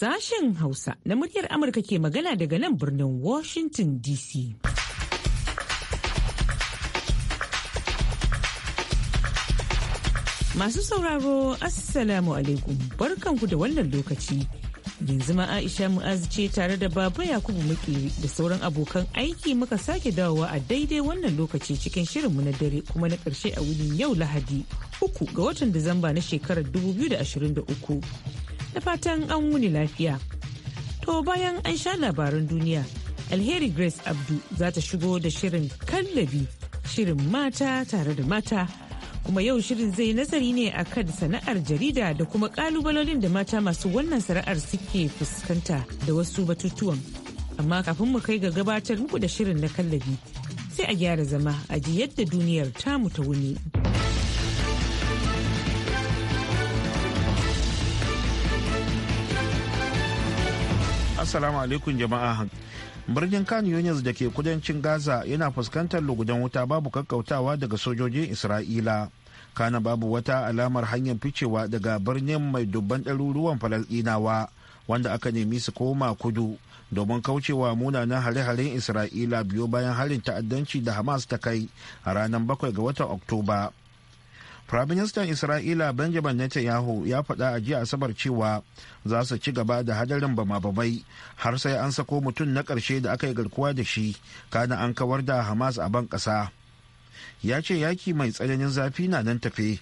Sashen Hausa na muryar Amurka ke magana daga nan birnin Washington DC. Masu sauraro, Assalamu alaikum, barkanku da wannan lokaci. yanzu ma aisha Mu'az ce tare da baba yakubu makeri da sauran abokan aiki muka sake dawowa a daidai wannan lokaci cikin shirinmu na dare kuma na ƙarshe a wurin yau lahadi uku ga watan disamba na shekarar 2023 na fatan an wuni lafiya. To bayan an sha labaran duniya, Alheri Grace Abdu za ta shigo da shirin kallabi, shirin mata tare da mata. Kuma yau shirin zai nazari ne a kan sana'ar jarida da kuma kalubalolin da mata masu wannan sana'ar suke fuskanta da wasu batutuwan. Amma kafin mu kai ga gabatar muku da shirin na kallabi, sai a gyara zama a ji yadda duniyar tamu ta wuni. Assalamu alaikum jama'a. Birnin Khan Yunis da ke kudancin Gaza yana fuskantar lugudan wuta babu kakkautawa daga sojojin Isra'ila. Kana babu wata alamar hanyar ficewa daga birnin mai dubban ɗaruruwan Falasɗinawa wanda aka nemi su koma kudu domin kaucewa munanan hare-haren Isra'ila biyo bayan harin ta'addanci da Hamas ta kai a ranar bakwai ga watan Oktoba. Firaministan Isra'ila Benjamin Netanyahu ya faɗa a jiya Asabar cewa za su ci gaba da hadarin bama-bamai har sai an sako mutum na ƙarshe da aka yi garkuwa da shi kana an kawar da Hamas a ban ƙasa. Ya ce yaki mai tsananin zafi na nan tafe.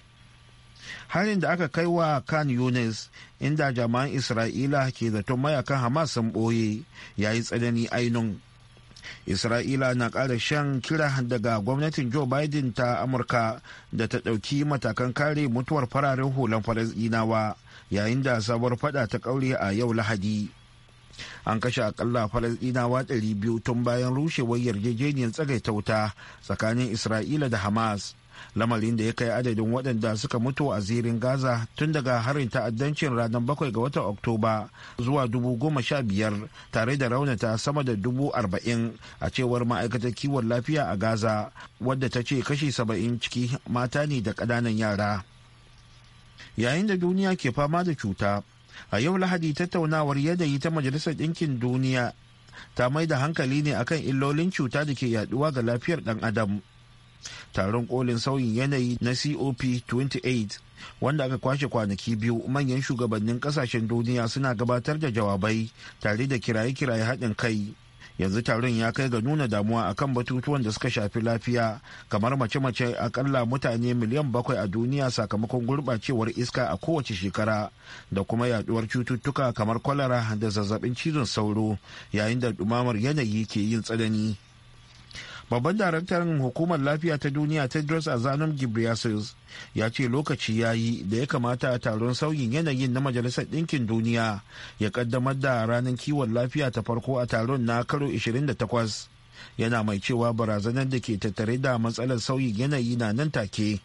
Harin da aka kai wa Khan Yunis inda jama'an Isra'ila ke zaton mayakan Hamas sun ɓoye ya yi tsanani ainun. isra'ila na ƙara shan kira daga gwamnatin joe biden ta amurka da ta ɗauki matakan kare mutuwar fararen hulan falasɗinawa yayin da sabuwar fada ta ƙaure a yau lahadi an kashe akalla falasɗinawa 200 tun bayan rushewar yarjejeniyar tsagaita wuta tsakanin isra'ila da hamas lamarin da ya kai adadin waɗanda suka mutu a zirin gaza tun daga harin ta'addancin ranar bakwai ga watan oktoba zuwa dubu goma sha biyar tare da raunata sama da dubu arba'in a cewar ma'aikatar kiwon lafiya a gaza wadda ta ce kashi saba'in ciki mata ne da ƙananan yara yayin da duniya ke fama da cuta a yau lahadi tattaunawar yanayi ta majalisar ɗinkin duniya ta mai da hankali ne akan illolin cuta da ke yaduwa ga lafiyar ɗan adam taron kolin sauyin yanayi na cop 28 wanda aka kwashe kwanaki biyu manyan shugabannin kasashen duniya suna gabatar da jawabai tare da kiraye-kiraye haɗin kai yanzu taron ya kai ga nuna damuwa akan batutuwan da suka shafi lafiya kamar mace-mace akalla mutane miliyan bakwai a duniya sakamakon gurɓacewar iska a kowace shekara da kuma yaduwar cututtuka kamar kwalara da zazzabin cizon sauro yayin da ɗumamar yanayi ke yin tsanani babban daraktan hukumar lafiya ta duniya tedros adhanom ghebreyesus ya ce lokaci ya yi da ya kamata a taron sauyin yanayin na majalisar ɗinkin duniya ya kaddamar da ranar kiwon lafiya ta farko a taron na karo 28 yana mai cewa barazanar da ke tattare da matsalar sauyin yanayi na nan take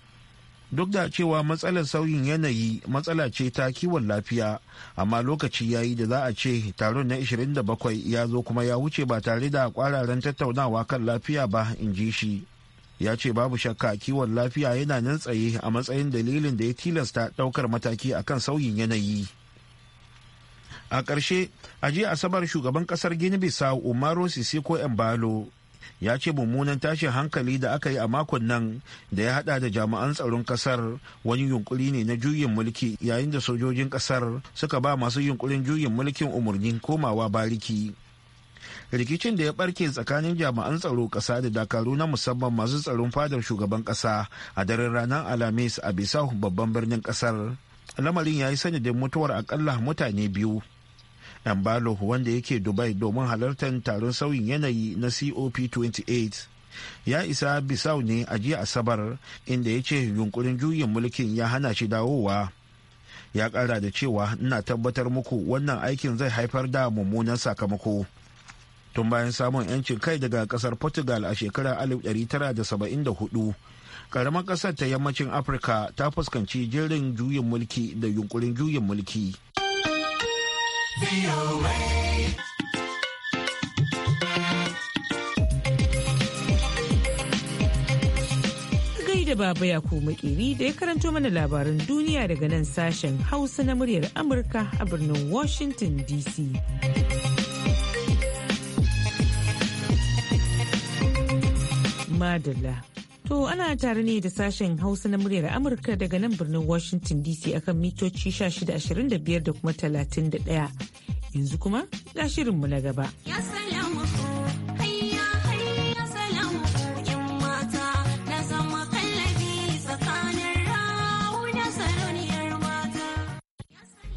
duk da cewa matsalar sauyin yanayi matsala ce ta kiwon lafiya amma lokaci yayi da za a ce taron na 27 ya zo kuma ya wuce ba tare da kwararen tattaunawa kan lafiya ba in ji shi ya ce babu shakka kiwon lafiya yana nan tsaye a matsayin dalilin da ya tilasta daukar mataki akan sauyin yanayi a ƙarshe a jiya asabar shugaban ƙasar gini bissau umaru sisiko embalo ya ce mummunan tashin hankali da aka yi a makon nan da ya hada da jami'an tsaron kasar wani yunkuri ne na juyin mulki yayin da sojojin kasar suka ba masu yunkurin juyin mulkin umarnin komawa bariki rikicin da ya barke tsakanin jami'an tsaro kasa da dakaru na musamman masu tsaron fadar shugaban kasa a daren ranar alhamis a bisa babban birnin kasar lamarin ya yi sanadin mutuwar akalla mutane biyu Dambalo wanda yake Dubai domin halartar taron sauyin yanayi na COP28. Ya isa Bisau ne a jiya Asabar inda ya ce yunkurin juyin mulkin ya hana shi dawowa. Ya ƙara da cewa ina tabbatar muku wannan aikin zai haifar da mummunan sakamako. Tun bayan samun 'yancin kai daga ƙasar Portugal a shekarar 1974, ƙaramar ƙasar ta yammacin Afirka ta fuskanci jirin juyin mulki da yunkurin juyin mulki. Gaida baba ya koma makeri da ya karanto mana labaran duniya daga nan sashen Hausa na muryar Amurka a birnin Washington DC. Madala. To ana tare ne da sashen Hausa na muryar Amurka daga nan birnin Washington DC akan mitoci 1625 da kuma 31. Yanzu kuma ga shirinmu na gaba.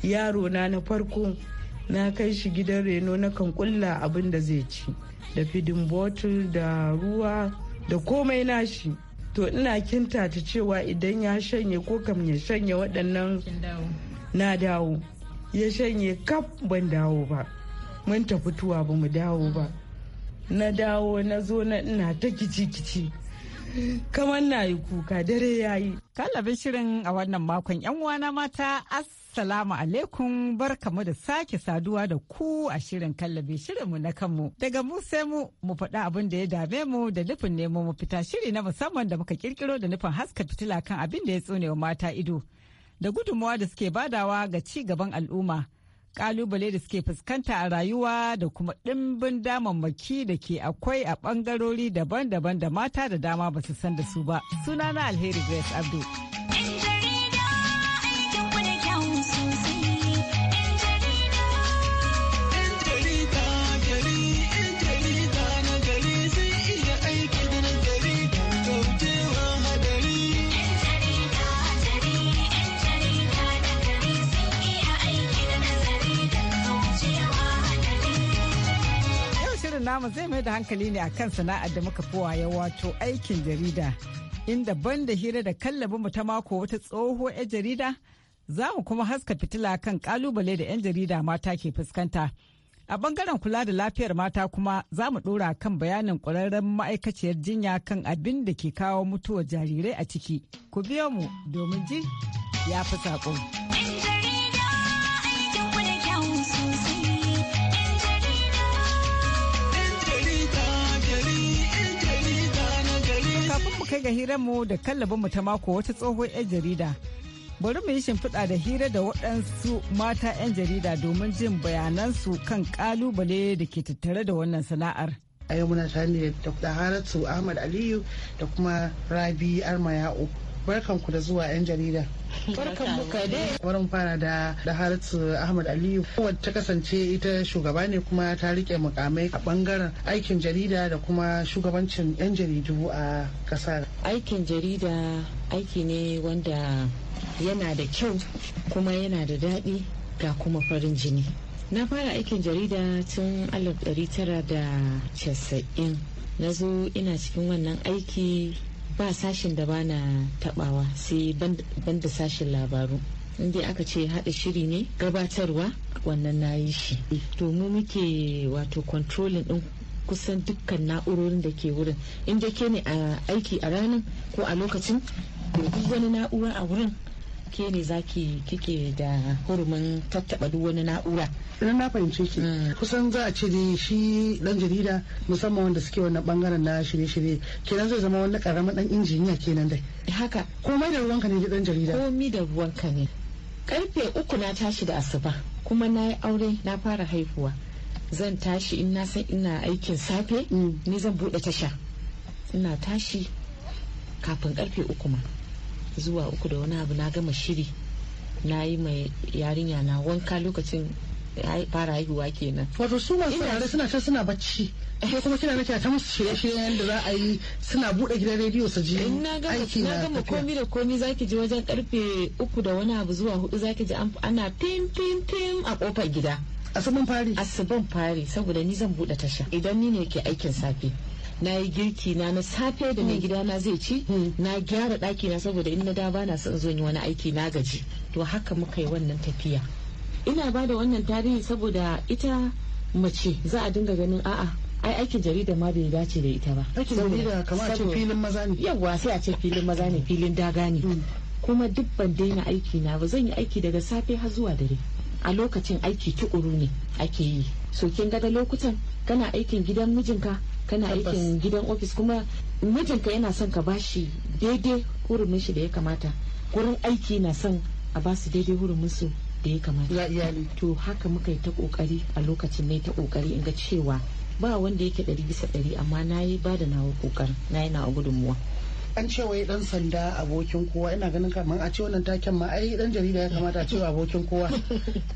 Yaro na na farko na kai shi gidan reno na kan kulla abin da zai ci da fidin botul da ruwa da komai nashi to ina kinta ta cewa idan ya shanye ko kam ya shanye waɗannan na dawo ya shanye kaf ban dawo ba mun tafi tuwa ba mu dawo ba na dawo na zo na ina ta kici-kici kamar na yi kuka dare ya yi. shirin a wannan makon 'yan uwana mata, as. Assalamu alaikum barkamu da sake saduwa da ku a shirin kallabi shirinmu na kanmu. Daga mu sai mu mu faɗa abin da ya dame mu da nufin nemo mu fita shiri na musamman da muka kirkiro da nufin haska fitila kan abin da ya tsonewa mata ido. Da gudunmawa da suke badawa ga ci gaban al'umma. kalubale da suke fuskanta a rayuwa da kuma ɗimbin damammaki da ke akwai a ɓangarori daban-daban da mata da dama ba su san da su ba. Sunana Alheri Grace Abdul. namu zai mai da hankali ne a kan sana'ar da muka fi ya wato aikin jarida. Inda ban da hira da kallabin mu ta mako wata tsoho 'yan jarida za mu kuma haska fitila kan kalubale da 'yan jarida mata ke fuskanta. A bangaren kula da lafiyar mata kuma za mu ɗora kan bayanin kwararren ma'aikaciyar jinya kan abin da ke kawo mutuwar jarirai a ciki. Ku biyo mu domin ji ya fi saƙo. kai ga hirarmu da mu ta mako wata tsohon 'yan jarida. Bari mu yi shimfiɗa da hira da waɗansu mata 'yan jarida domin jin bayanansu kan ƙalubale da ke tattare da wannan sana'ar. A yau muna tare da Dr. Haratu Ahmad Aliyu da kuma Rabi armaya'u barkan ku da zuwa 'yan jarida barkan mu ka dai barin fara da da harisu ahmad aliyu wadda ta kasance ita shugaba ne kuma ta rike mukamai a bangaren aikin jarida da kuma shugabancin 'yan jaridu a kasar aikin jarida aiki ne wanda yana da kyau kuma yana da daɗi ga kuma farin jini na fara aikin jarida tun 1990 na zo ina cikin wannan aiki ba sashen da ba na tabawa sai ban da sashen labaru inda aka ce haɗa shiri ne gabatarwa wannan na yi shi to mu muke wato controlling ɗin kusan dukkan na'urorin da ke wurin in ke ne a aiki a ranar ko a lokacin duk wani na'ura a wurin ke ne zaki kike da hurumin tattaba duk wani na'ura idan na fahimce ki mm. kusan za a ce shi dan jarida musamman wanda suke wannan bangaren na shirye-shirye kenan zai zama wani karamin dan injiniya kenan dai haka komai da ruwanka ne dan jarida komai da ruwanka ne karfe uku na tashi da asuba kuma na yi aure na fara haihuwa zan tashi in na san ina aikin safe mm. ni zan buɗe tasha ina tashi kafin karfe uku ma zuwa uku da wani abu na gama shiri na yi mai yarinya na wanka lokacin fara haihuwa kenan wato su masu yare suna can suna bacci ko kuma kina nake ta musu shirye-shirye yadda za a yi suna bude gidan rediyo su ji aiki na gama komi da komi zaki ji wajen karfe uku da wani abu zuwa hudu zaki ji ana fim fim fim a kofar gida asuban fari asuban fari saboda ni zan bude tasha idan ni ne ke aikin safe na yi girki na na safe da hmm. mai gida na zai ci hmm. na gyara ɗaki na saboda in na da bana son zo yi wani aiki na gaji to haka muka yi wannan tafiya ina ba da wannan tarihi saboda ita mace za a dinga ganin a'a ai aikin jarida ma bai dace da ita ba aikin jarida kamar a ce filin maza ne yawa sai a ce filin maza ne filin daga ne hmm. kuma duk ban daina aiki na ba zan yi aiki daga safe har zuwa dare a lokacin aiki tukuru ne ake yi so kin ga da lokutan kana aikin gidan mijinka kana aikin gidan ofis kuma mijinka yana son ka bashi daidai hurumin shi da ya kamata gurin aiki na son a basu daidai hurumin su da ya kamata ya iyali to haka muka yi ta kokari a lokacin ne ta kokari in ga cewa ba wanda yake ɗari bisa ɗari amma na yi ba da nawa kokarin na yi nawa gudunmuwa an ce wai dan sanda abokin kowa ina ganin kamar a ce wannan taken ma ai dan jarida ya kamata a ce abokin kowa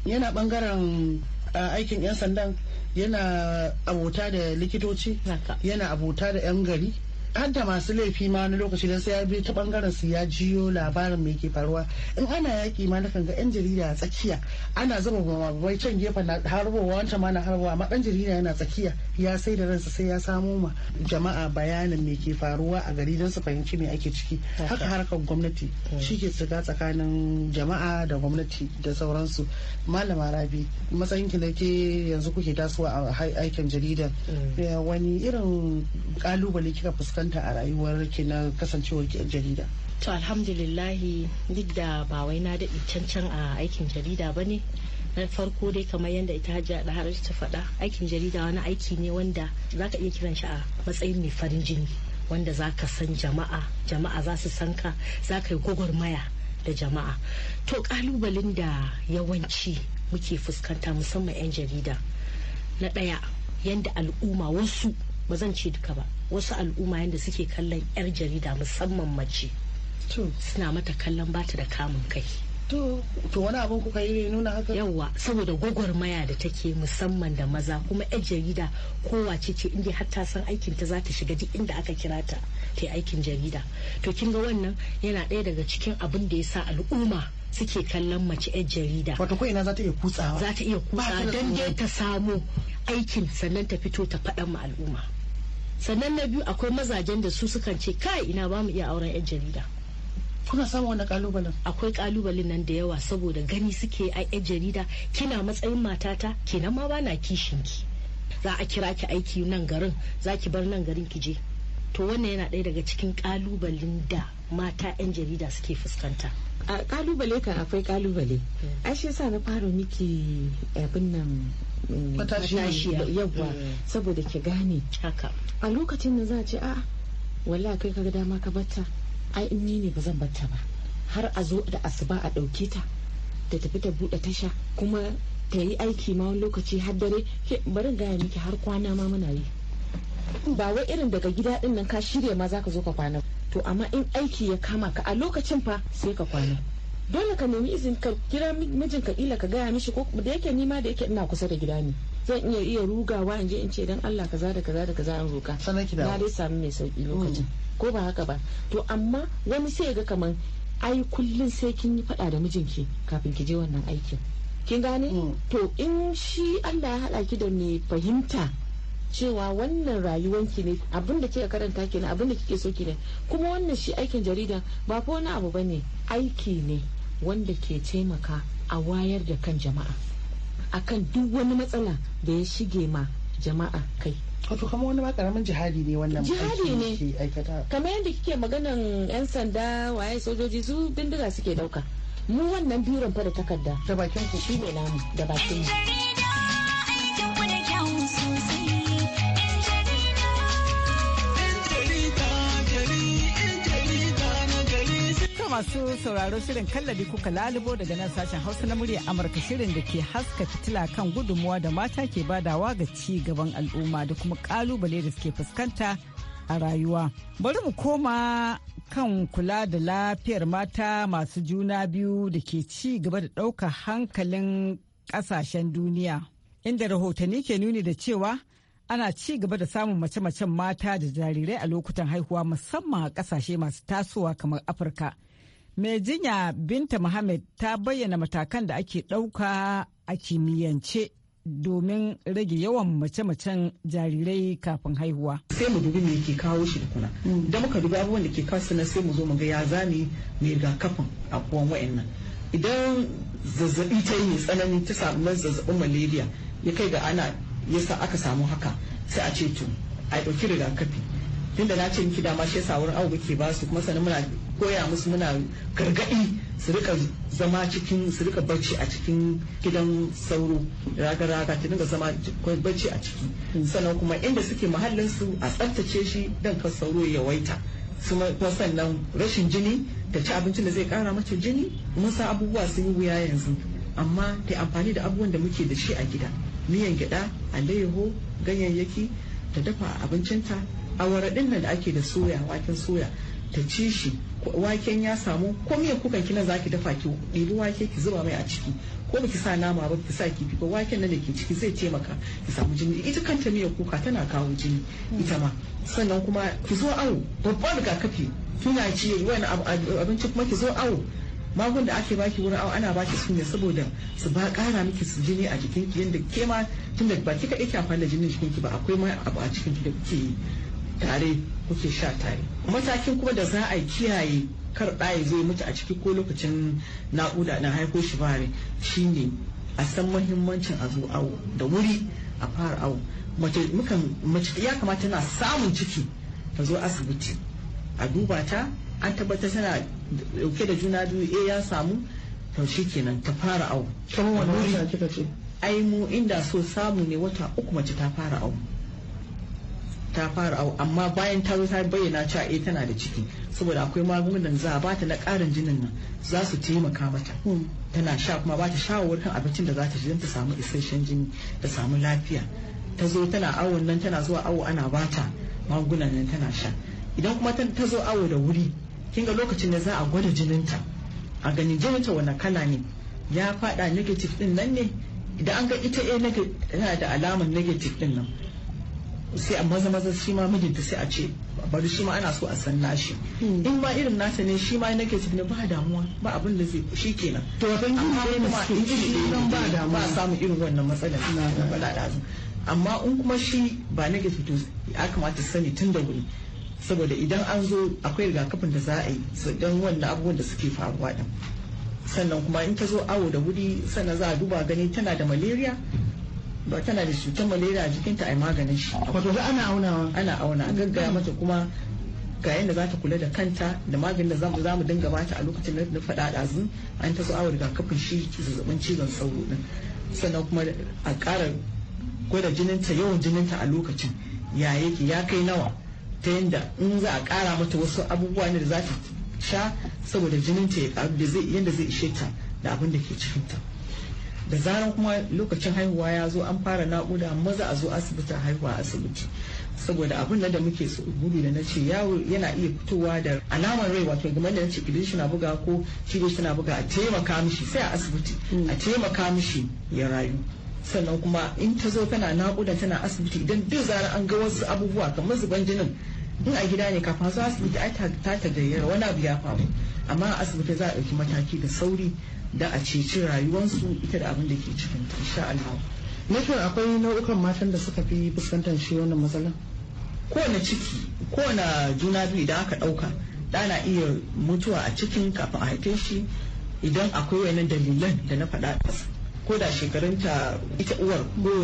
yana bangaren ah, aikin yan sandan yana abota da likitoci yana abota da yan gari hadda masu laifi ma wani lokaci don sai ya bi ta bangaren su ya jiyo labarin mai ke faruwa in ana yaki ma nakan ga yan jarida a tsakiya ana zuba mababai can gefen na harbowa wancan ma na harbowa amma dan jarida yana tsakiya ya sai da ransa sai ya samo ma jama'a bayanin mai ke faruwa a gari don su fahimci me ake ciki haka harkar gwamnati hmm. shi ke shiga tsakanin jama'a da gwamnati da sauransu malama rabi matsayin ki ke yanzu kuke tasowa a aikin jarida hmm. eh, wani irin kalubale kika fuskanta fuskanta a rayuwar ki na kasancewar ki jarida to alhamdulillahi duk da ba wai na daɗi cancan a aikin jarida ba ne na farko dai kamar yadda ita hajji da har ta faɗa aikin jarida wani aiki ne wanda za ka iya kiran shi a matsayin mai farin jini wanda za ka san jama'a jama'a za su san ka za ka yi gwagwarmaya da jama'a to kalubalen da yawanci muke fuskanta musamman 'yan jarida na ɗaya yadda al'umma wasu ba zan ce duka ba wasu al'umma yadda suke kallon yar jarida musamman mace suna mata kallon bata da kamun kai to wani abin kuka yi nuna haka yawa saboda gwagwarmaya da take musamman da maza kuma yar jarida kowace ce inda har ta san aikin ta za shiga duk inda aka kira ta ta aikin jarida to kin ga wannan yana ɗaya daga cikin abin da ya sa al'umma suke kallon mace yar jarida wato ko ina za iya kutsawa za ta iya kutsawa dan dai ta samu aikin sannan ta fito ta faɗan ma al'umma sannan na biyu akwai mazajen da su sukan ce kai ina ba mu iya auren yan jarida kuna samu wani kalubalen akwai kalubalen nan da yawa saboda gani suke a yan jarida kina matsayin matata kenan ma bana kishinki za a kira ki aiki nan garin za ki bar nan garin ki je to wannan yana ɗaya daga cikin ƙalubalen da mata 'yan jarida suke fuskanta a kalubale kan akwai kalubale hmm. a shi sa na fara miki abin nan mm, matashiya yawa hmm. saboda ki gane haka a lokacin da za a ce a wala kai kaga dama ka batta ai in ni ne ba zan batta ba har a zo da asuba a ɗauke ta da tafi ta buɗe tasha kuma ta yi aiki ma wani lokaci har dare barin gaya miki har kwana ma muna yi ba wai irin daga gida din nan ka shirya ma zaka zo ka kwana to amma in aiki ya kama ka a lokacin fa sai ka kwana dole ka nemi izin ka kira mijin ka ila ka gaya mishi ko da yake nima da yake ina kusa da gida ne zan iya iya rugawa in je in ce dan Allah kaza da kaza da kaza an roka na dai sami mai sauki lokacin mm. ko ba haka ba to amma wani sai ya ga kaman ai kullun sai kin yi fada da mijinki kafin ki je wannan aikin kin gane mm. to in shi Allah ya hada ki da mai fahimta cewa wannan rayuwanki ne abin da a karanta ne abin da kike so ki ne kuma wannan shi aikin jarida ba fa wani abu bane aiki ne wanda ke taimaka a wayar da kan jama'a akan duk wani matsala da ya shige ma jama'a kai wato kamar wani karamin jihadi ne wannan jihadi ne kamar yadda kike maganan yan sanda waye sojoji su bindiga suke dauka mu wannan biron fa da takarda da bakin ku ne namu da bakin mu masu sauraro shirin kallabi kuka lalubo daga nan sashen hausa na murya amurka shirin da ke haska fitila kan gudunmuwa da mata ke badawa ga ci gaban al'umma da kuma kalubale da suke fuskanta a rayuwa bari mu koma kan kula da lafiyar mata masu juna biyu da ke ci gaba da ɗaukar hankalin ƙasashen duniya inda rahotanni ke nuni da cewa ana ci gaba da samun mace-macen mata da jarirai a lokutan haihuwa musamman a ƙasashe masu tasowa kamar afirka mai jinya binta muhammad ta bayyana matakan da ake ɗauka a kimiyyance domin rage yawan mace-macen jarirai kafin haihuwa. Sai mu dubi me ke kawo shi kuna. Mm. Da muka dubi abubuwan da ke kawo sannan sai mu zo mu ga ya zane mai rigakafin abubuwan wa'annan. Idan zazzabi ta yi tsanani ta samu zazzabin malaria ya kai ga ana yasa aka samu haka sai a ce to a ɗauki rigakafi tunda na ce miki dama shi yasa wurin awo muke ba su kuma sannan muna koya musu muna gargadi su rika zama cikin su rika bacci a cikin gidan sauro raga raga ta dinga zama bacci a ciki sannan kuma inda suke muhallin su a tsaftace shi dan ka sauro ya waita kuma sannan rashin jini da ci abincin da zai kara mata jini mun sa abubuwa sun yi wuya yanzu amma ta amfani da abubuwan da muke da shi a gida miyan gyada alayyaho ganyayyaki ta dafa abincinta awara din nan da ake da soya waken soya ta ci shi waken ya samu ko miyan kukan kina zaki dafa ki ɗebi wake ki zuba mai a ciki ko ki sa nama ba ki sa kifi ba waken nan da ke ciki zai taimaka ki samu jini ita kanta miyan kuka tana kawo jini ita ma sannan kuma ki zo awo babban rigakafi kina ci wani abinci kuma ki zo awo magun da ake baki wurin awo ana baki su ne saboda su ba kara miki su jini a jikinki yadda ke ma tun da ba kika yake amfani da jinin jikinki ba akwai ma abu a cikin ki da kuke yi tare kuke sha tare matakin kuma da za a kiyaye kar ɗaya zai mutu a ciki ko lokacin naƙuda na haiko shi bare shine a san mahimmancin a zo awo da wuri a fara awo mace ya kamata na samun ciki ta zo asibiti a duba ta an tabbatar tana dauke da juna biyu eh ya samu to kenan ta fara awo kamar wani wata kika ce ai mu inda so samu ne wata uku mace ta fara awo ta fara au amma bayan ta zo ta bayyana cewa eh tana da ciki saboda akwai magungunan za a bata na karin jinin nan za su taimaka mata hmm. tana sha kuma bata shawarwarin abincin da za ta don ta samu isasshen jini ta samu lafiya ta zo tana awon nan tana zuwa awo ana bata magungunan nan tana sha idan kuma ta zo awo da wuri kin ga lokacin da za a gwada jininta a ganin ta wani kala ne ya fada negative din nan ne idan an ga ita eh tana da alamar negative din nan sai a maza maza shi ma mijinta sai a ce bari shi ma ana so a san nashi hmm. in ma irin nasa ne shi ma nake ne ba damuwa ba abin da zai shi kenan to ban gina ne ma in ji ba damuwa ba samu irin wannan matsalar na da amma in kuma shi ba nake fito ya kamata sani tun da wuri saboda idan an zo akwai rigakafin da za a yi don wannan abubuwan da suke faruwa din sannan kuma in ta zo awo da wuri sannan za a duba gani tana da malaria ba tana da cutar malaria a jikinta a maganin shi wato za ana aunawa ana auna a gaggaya mata kuma ga yadda za ta kula da kanta da maganin da za mu dinga bata a lokacin da faɗa ɗazu an ta zo awon rigakafin shi zazzabin cizon sauro din sannan kuma a ƙara gwada jininta yawan jinin ta a lokacin ya yake ya kai nawa ta yadda in za a ƙara mata wasu abubuwa ne da za ta sha saboda jininta ya ƙaru da zai yadda zai ishe ta da abin da ke cikinta. da zaran kuma lokacin haihuwa ya zo an fara naƙuda maza a zo asibiti haihuwa asibiti saboda abin da muke gudu da na ce yawo yana iya fitowa da alamar rai wato game da na ce kidin shi na buga ko shi ne suna buga a taimaka mishi sai a asibiti mm. a taimaka mishi ya rayu sannan kuma in ta zo tana naƙuda tana asibiti idan duk zarar an ga wasu abubuwa kamar zuban jinin in a gida ne kafin zo asibiti ai ta tagayyara wani abu ya faru amma a asibiti za a ɗauki mataki da sauri da a ceci rayuwarsu ita da abin da ke cikin insha Allah. Nufin akwai nau'ukan matan da suka fi fuskantar shi wannan matsalar? Kowane ciki, kowane juna biyu idan aka ɗauka, na iya mutuwa a cikin kafin a haife shi idan akwai wani dalilan da na faɗa ko da shekarunta ita uwar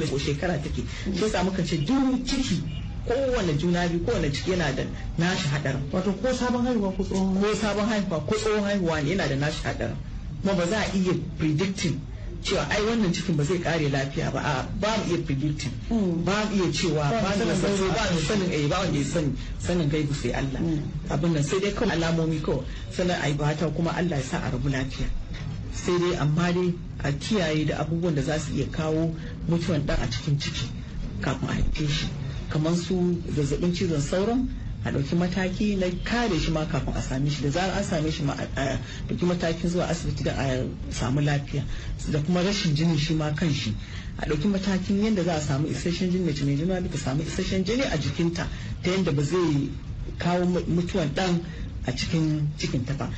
ko shekara take shi yasa muka ce duk ciki kowane juna biyu kowane ciki yana da nashi hadarin wato ko sabon haihuwa ko tsohon ko sabon haihuwa ko tsohon haihuwa yana da nashi hadarin kuma ba za a iya predicting cewa ai wannan cikin ba zai kare lafiya ba a ba mu iya predicting hmm. ba mu iya cewa ba mu zato ba mu sanin eh ba wanda ya sani sanin gaibu sai Allah hmm. abin nan sai dai kawai alamomi kawai sanin ai ba ta kuma Allah ya sa a rabu lafiya sai dai amma dai a kiyaye da abubuwan da za su iya kawo mutuwan dan a cikin ciki kafin a haife shi kamar su zazzabin cizon sauran. a ɗauki mataki na kare shi ma kafin a same shi da zarar an same shi ma a ɗauki matakin zuwa asibiti da a samu lafiya da kuma rashin jini shi ma kan shi a ɗauki matakin yadda za a samu isasshen jini mace mai juna duka samu isasshen jini a jikinta ta yadda ba zai kawo mutuwan ɗan a cikin cikin tafa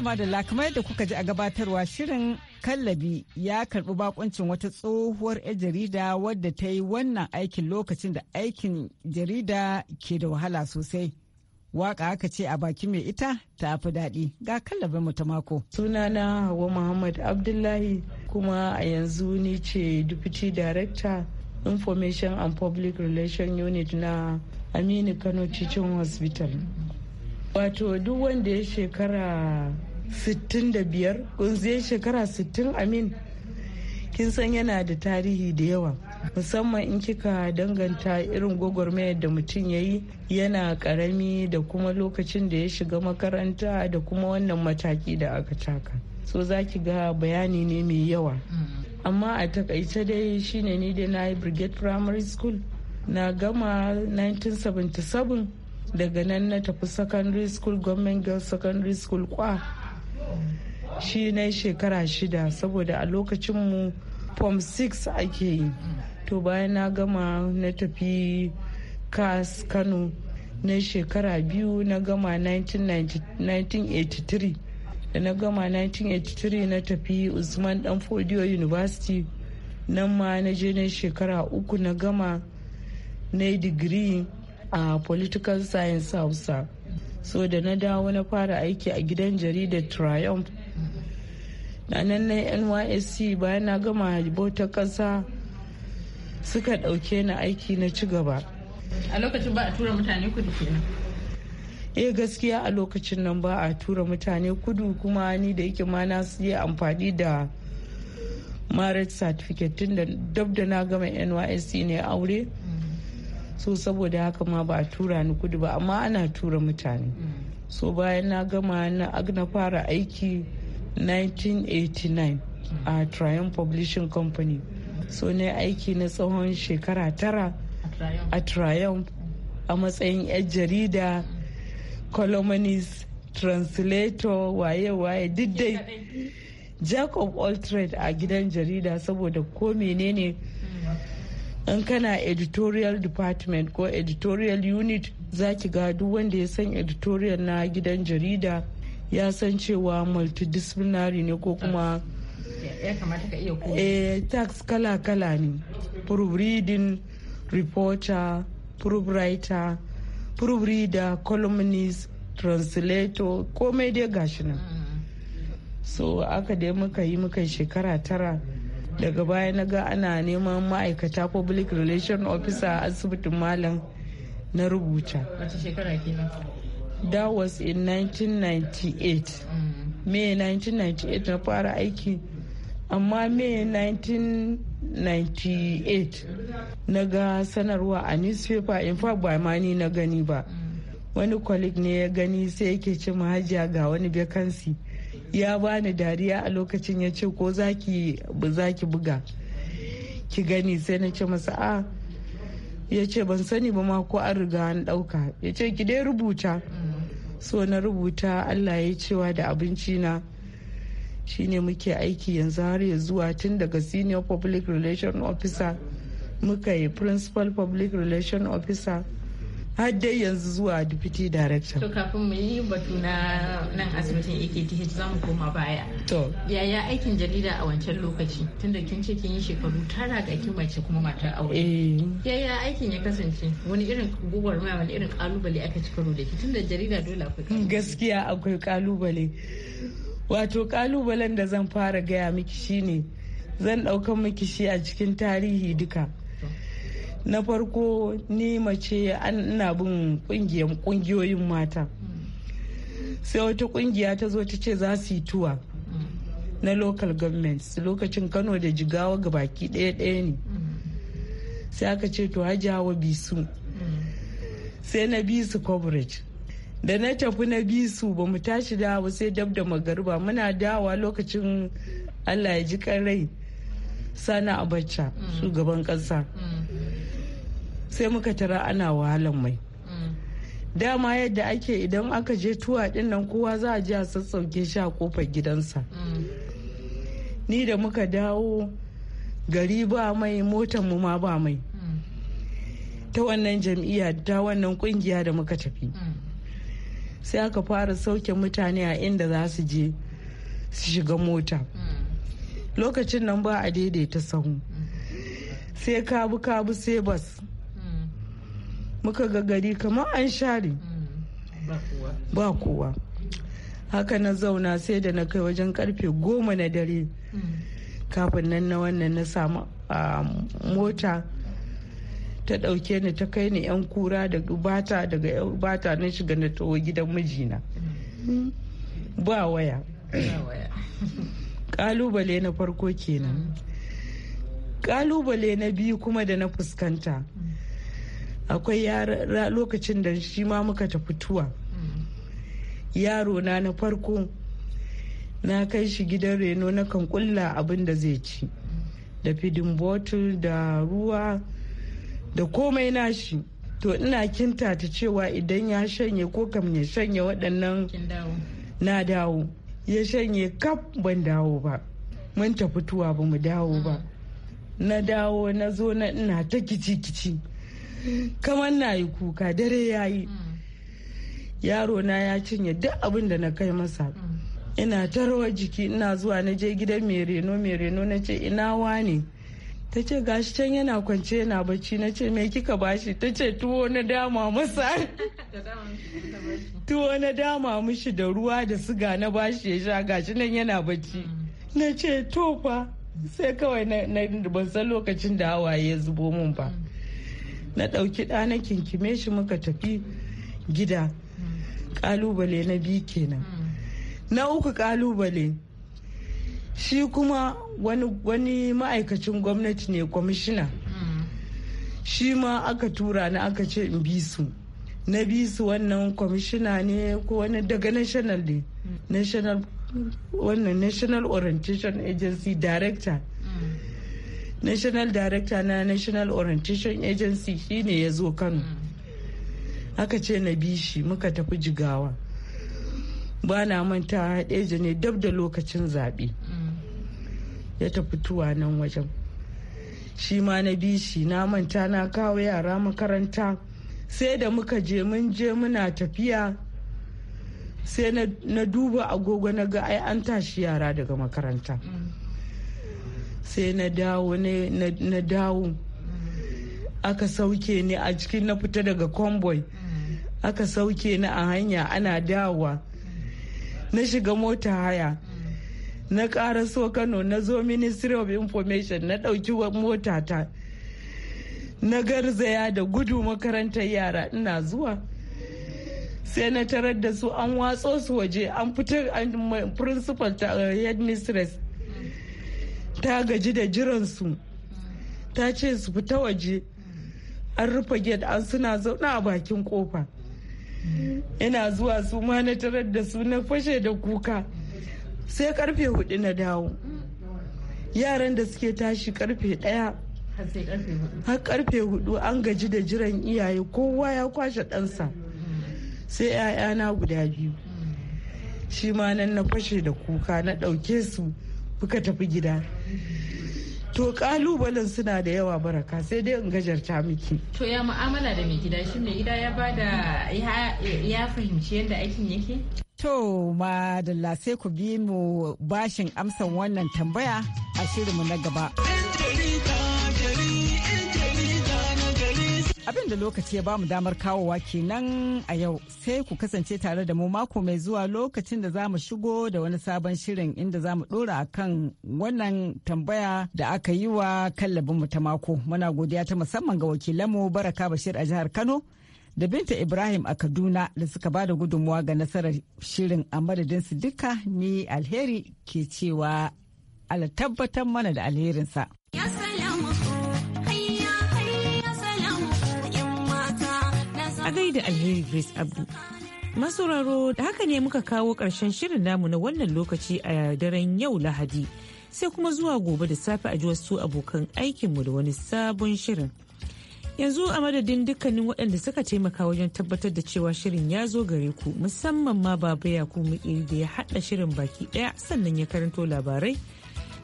To da kamar da kuka ji a gabatarwa shirin kallabi ya karbi bakuncin wata tsohuwar 'yar jarida wadda ta yi wannan aikin lokacin da aikin jarida ke da wahala sosai. Waka aka ce a baki mai ita ta fi daɗi ga kallabin mu ta mako. Sunana Hawa Muhammad Abdullahi kuma a yanzu ni ce Deputy Director Information and Public relations Unit na Aminu Kano Teaching Hospital. Wato duk wanda ya shekara 65 kunziyar shekara 60 amin kin san yana da tarihi da yawa musamman in kika danganta irin gwagwarmayar da mutum ya yi yana karami da kuma lokacin da ya shiga makaranta da kuma wannan mataki da aka taka so za ki ga bayani ne mai yawa amma a takaice dai shine ni da na yi brigade primary school na gama 1977 daga nan na tafi secondary school government girls secondary school kwa shi na shekara shida saboda a lokacin mu form 6 ake yi to bayan na gama na tafi kas kano na shekara biyu na gama 1983 da na gama 1983 na tafi usman dan fodiyo university nan ma na je na shekara uku na gama na digiri a political science hausa so da na dawo na fara aiki a gidan jaridar triumph na nan na nysc bayan na gama ta kasa suka ɗauke na aiki na ci gaba a lokacin ba a tura mutane kudu kenan eh gaskiya a lokacin nan ba a tura mutane kudu kuma ni da yake ma na yi amfani da marriage certificate tun da dab da na gama nysc ne aure so saboda haka ma ba a tura ni kudu ba amma ana tura mutane mm. so bayan na gama na fara aiki 1989 a mm. Triumph Publishing Company so na aiki na tsawon shekara tara a Triumph a matsayin 'yan jarida columnist translator waye-waye duk jacob altred a gidan jarida saboda ko menene ne in kana editorial department ko editorial unit za ki ga duk wanda ya san editorial na gidan jarida ya san cewa multidisciplinary ne ko kuma eh tax kala-kala ne proof reading reporter proof writer proof columnist translator komai dai gashi nan mm. so aka dai muka yi muka shekara tara daga baya na ga ana neman ma'aikata public relation officer a asibitin malam na rubuta that was in 1998 mm. may 1998 na fara aiki amma may 1998 na ga sanarwa a newspaper in fact ba ma ni na gani ba mm. wani colleague ne ya gani sai yake ce mahajiya ga wani vacancy ya bani dariya a lokacin ya ce ko zaki zaki buga ki gani sai na ce masa a ah, ya ce ban sani ba ma ko an riga an ɗauka ya ce ki dai rubuta so na rubuta allah ya cewa da abinci na shine muke aiki yanzu har ya zuwa tun daga senior public relation officer muka yi principal public relation officer har dai yanzu zuwa deputy director to kafin mu yi batu na nan asibitin ekth za mu koma baya to yaya aikin jarida a wancan lokaci tunda kin ce kin yi shekaru tara ga kin mace kuma matar aure eh. yaya aikin ya kasance wani irin gwagwarmaya wani irin kalubale aka ci karo da ki tunda jarida dole akwai gaskiya akwai kalubale wato kalubalen da zan fara gaya miki shine zan ɗaukan miki shi a cikin tarihi duka na farko ni mace ana bin kungiyoyin mata sai wata kungiya ta zo ta ce za su yi tuwa na local governments lokacin kano da jigawa ga baki ɗaya ɗaya ne sai aka ce to hajawa bisu sai na bisu coverage da na tafi na bisu ba mu tashi dawa sai dab da magariba muna dawa lokacin allah ya ji rai sana abacha shugaban ƙasa. sai muka tara ana wahalan mai mm. dama yadda ake idan aka je tuwa din nan kowa za a je a sassauke shi a kofar gidansa mm. ni da muka dawo gari ba mai motan mu ma ba mai mm. ta wannan jam'iyya ta wannan kungiya da muka tafi sai aka fara sauke mutane a inda za su je su shiga mota lokacin nan ba a daidaita sahu sai kabu kabu sai bas muka ga gari kamar an share ba kowa haka na zauna sai da na kai wajen karfe goma na dare kafin nan na wannan na samu mota ta ɗauke ni ta kai ni 'yan kura da bata daga 'yan bata na shiga na tawo gidan mijina ba waya kalubale na farko kenan kalubale na biyu kuma da na fuskanta akwai yara lokacin da shi ma muka tafi tuwa yaro na na farko na kai shi gidan reno na kan kulla abin da zai ci da fidin botul da ruwa da komai nashi to ina kinta ta cewa idan ya shanye ko kam ya shanye waɗannan na dawo ya shanye kaf ban dawo ba mun tafi tuwa ba mu dawo ba mm. na dawo na zo na ina ta kici kici kamar na yi kuka dare ya yi mm. yaro na ya cinye duk abin da na kai masa mm. ina ta rawa jiki ina zuwa na je gidan mai reno mai reno na ce ina wane ta ce gashi can yana kwance yana bacci na ce me kika bashi ta ce tuwo na dama masa tuwo na dama mishi da ruwa da siga na bashi ya sha gashi nan yana bacci mm. na ce to fa sai kawai na ban san lokacin da hawaye ya zubo mun ba na ɗauki ɗa na kinkime shi muka tafi gida ƙalubale na biyu kenan na uku ƙalubale shi kuma wani ma'aikacin gwamnati ne kwamishina shi ma aka tura na aka ce in bi su na bi su wannan kwamishina ne ko wani daga national ne national wannan national orientation agency director national director na national orientation agency shine ya zo kano aka ce na bishi muka tafi jigawa ba na manta ɗaya ne dab da lokacin zaɓe ya tafi tuwa nan wajen shi ma na bishi na manta na kawo yara makaranta sai da muka je mun je muna tafiya sai na duba agogo na ga ai an tashi yara daga makaranta mm. sai na dawo na dawo aka sauke ni a cikin na fita daga convoy aka sauke ni a hanya ana dawowa na shiga mota haya na ƙara so kano na zo ministry of information na ɗauki mota ta na garzaya da gudu makarantar yara ina zuwa sai na tarar da su an watso su waje an fitar principal ta eh, headmistress ta gaji da jiransu ta ce su fita waje an rufe gate an suna zauna a bakin kofa ina zuwa su ma na tarar da su na fashe da kuka sai karfe hudu na dawo yaran da suke tashi karfe daya har karfe hudu an gaji da jiran iyaye kowa ya kwashe ɗansa sai 'ya'yana guda biyu shi ma nan na fashe da kuka na ɗauke su kuka tafi gida to kalubalen suna da yawa baraka sai dai in gajarta miki to ya mu'amala da mai gida shi gida ya bada ya fahimci yadda aikin yake to madalla sai ku bi mu bashin amsan wannan tambaya a shirinmu na gaba. abin da lokaci ya bamu damar kawowa kenan a yau sai ku kasance tare da mu mako mai zuwa lokacin da za mu shigo da wani sabon shirin inda za mu dora a kan wannan tambaya da aka yi wa kallabinmu ta mako muna godiya ta musamman ga wakilanmu baraka bashir a jihar kano da binta ibrahim a kaduna da suka ba da gudunmuwa ga nasarar shirin a madadinsu duka ni alheri ke cewa ala tabbatar mana da alherinsa. Yes, agai gaida Alheri Grace Abdu. Masauraro da haka ne muka kawo ƙarshen shirin namu na wannan lokaci a daren yau Lahadi. Sai kuma zuwa gobe da safe a ji wasu abokan aikinmu da wani sabon shirin. yanzu a madadin dukkanin waɗanda suka taimaka wajen tabbatar da cewa shirin ya zo gare ku musamman ma baba yaku muƙiri da ya haɗa shirin baki ɗaya sannan ya karanto labarai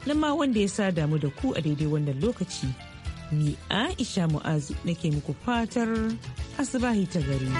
na ma wanda ya sa damu da ku a daidai wannan lokaci ni aisha mu'azu nake muku fatar asibahi ta gari.